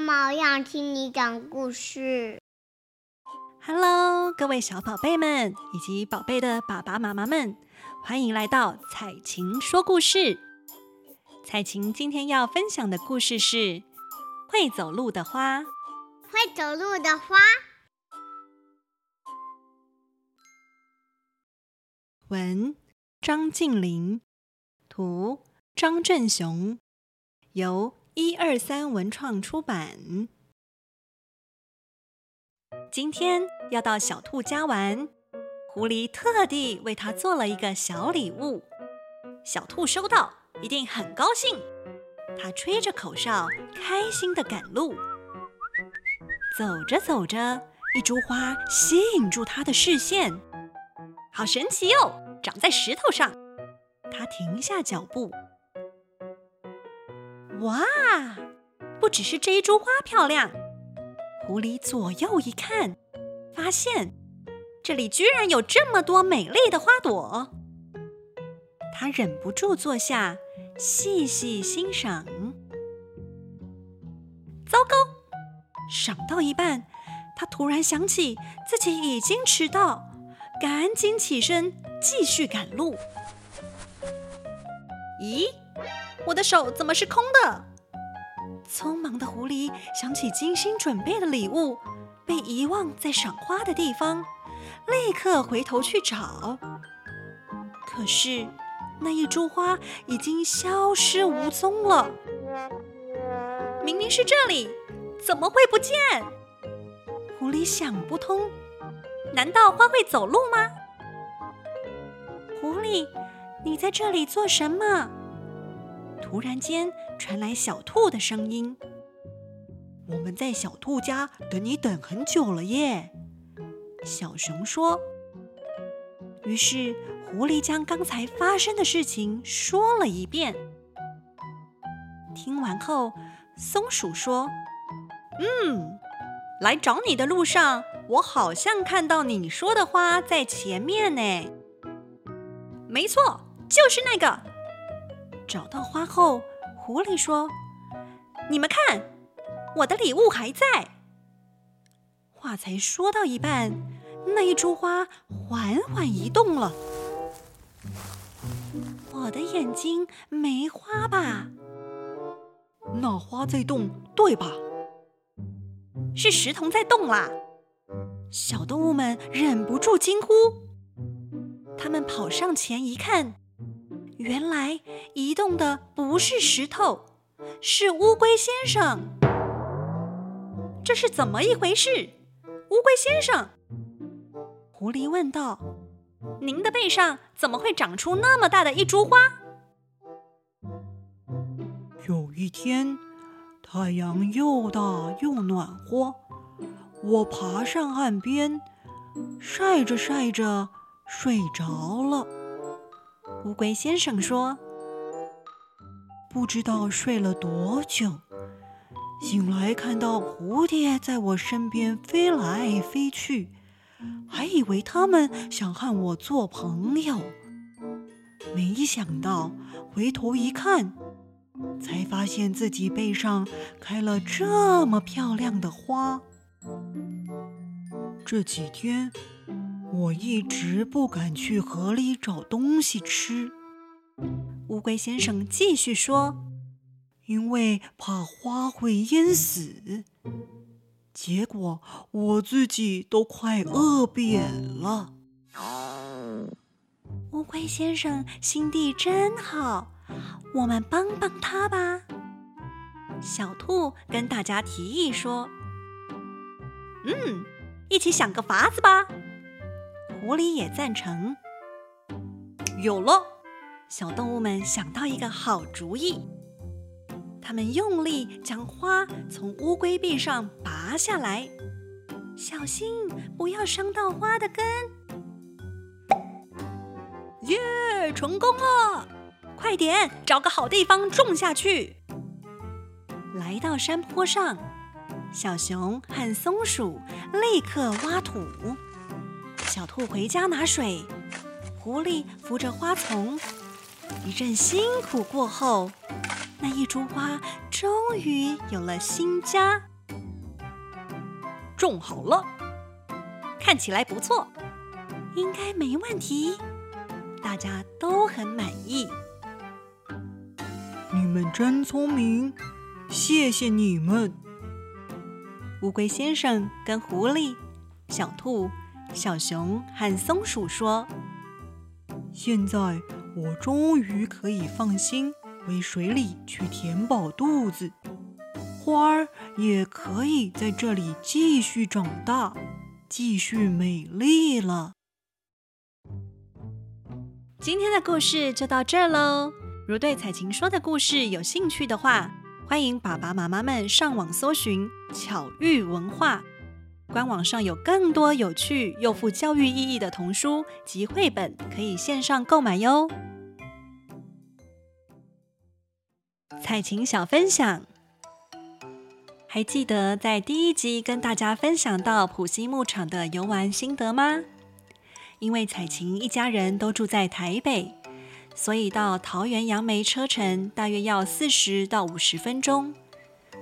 媽媽，我想聽你講故事。Hello，各位小寶貝們以及寶貝的爸爸媽媽們，歡迎來到彩琴說故事。彩琴今天要分享的故事是《會走路的花》。會走路的花。文，張靜玲，圖，張振雄，由。一二三，文創出版。今天要到小兔家玩，狐狸特地為它做了一個小禮物，小兔收到一定很高興。它吹着口哨，開心的趕路。走着走着，一株花吸引住它的視線，好神奇喲，長在石頭上。它停下腳步。哇，不只是這一株花漂亮，狐狸左右一看，發現這裡居然有這麼多美麗的花朵，他忍不住坐下細細欣賞。糟糕，賞到一半，他突然想起自己已經遲到，趕緊起身繼續趕路。咦？我的手怎麼是空的？匆忙的狐狸想起精心準備的禮物，被遺忘在賞花的地方，立刻回頭去找。可是那一株花已經消失無蹤了。明明是這裡，怎麼會不見？狐狸想不通，難道花會走路嗎？狐狸，你在這裡做什麼？突然間傳來小兔的聲音：“我們在小兔家等你等很久了耶。”小熊說。於是狐狸將剛才發生的事情說了一遍。聽完後，松鼠說：“嗯，來找你的路上，我好像看到你說的花在前面呢。”沒錯，就是那個。找到花後，狐狸說：“你們看，我的禮物還在。”話才說到一半，那一株花緩緩移動了。我的眼睛沒花吧？那花在動，對吧？是石頭在動啦！小動物們忍不住驚呼，他們跑上前一看。原來移動的不是石頭，是烏龜先生。這是怎麼一回事？烏龜先生，狐狸問道：“您的背上怎麼會長出那麼大的一株花？”有一天，太陽又大又暖和，我爬上岸邊，曬着曬着睡着了。烏龜先生說：“不知道睡了多久，醒來看到蝴蝶在我身邊飛來飛去，還以為它們想和我做朋友。沒想到回頭一看，才發現自己背上開了這麼漂亮的花。這幾天……”我一直不敢去河裡找東西吃，烏龜先生繼續說：“因為怕花會淹死，結果我自己都快餓扁了。”哦，烏龜先生心地真好，我們幫幫他吧。小兔跟大家提議說：“嗯，一起想個法子吧。”狐狸也贊成。有了，小動物們想到一個好主意，他們用力將花從烏龜背上拔下來，小心不要傷到花的根。耶，成功了！快點找個好地方種下去。來到山坡上，小熊和松鼠立刻挖土。小兔回家拿水，狐狸扶着花叢，一陣辛苦過後，那一株花終於有了新家。種好了，看起來不錯，應該沒問題，大家都很滿意。你們真聰明，謝謝你們。烏龜先生跟狐狸、小兔。小熊和松鼠說：“現在我終於可以放心回水裡去填飽肚子，花兒也可以在這裡繼續長大，繼續美麗了。”今天的故事就到這兒嘍。如對彩琴說的故事有興趣的話，歡迎爸爸媽媽們上網搜尋巧遇文化。官網上有更多有趣又富教育意義的童書及繪本，可以線上購買喲。彩琴小分享，還記得在第一集跟大家分享到埔心牧場的遊玩心得嗎？因為彩琴一家人都住在台北，所以到桃園楊梅車程大約要四十到五十分鐘。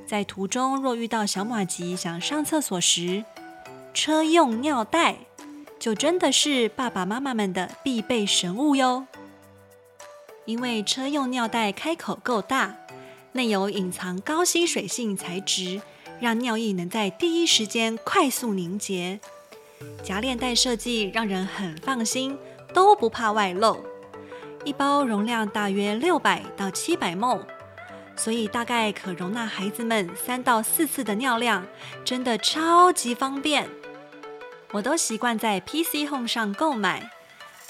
在途中若遇到小馬吉想上廁所時，車用尿袋就真的是爸爸媽媽們的必備神物喲。因為車用尿袋開口夠大，內有隱藏高吸水性材質，讓尿液能在第一時間快速凝結。夾鏈袋設計讓人很放心，都不怕外漏。一包容量大約六百到七百 ml 所以大概可容納孩子們三到四次的尿量，真的超級方便。我都習慣在 PC Home 上購買，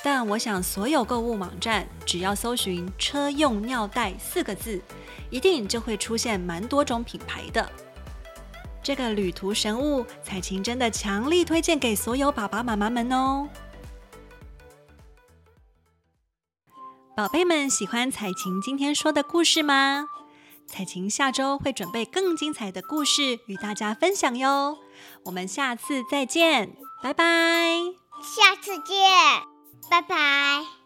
但我想所有購物網站只要搜尋“車用尿袋”四個字，一定就會出現蠻多種品牌的。這個旅途神物，彩晴真的強力推薦給所有爸爸媽媽們哦。寶貝們喜歡彩晴今天說的故事嗎？彩琴下週會準備更精彩的故事與大家分享喲，我們下次再見，拜拜，下次見，拜拜。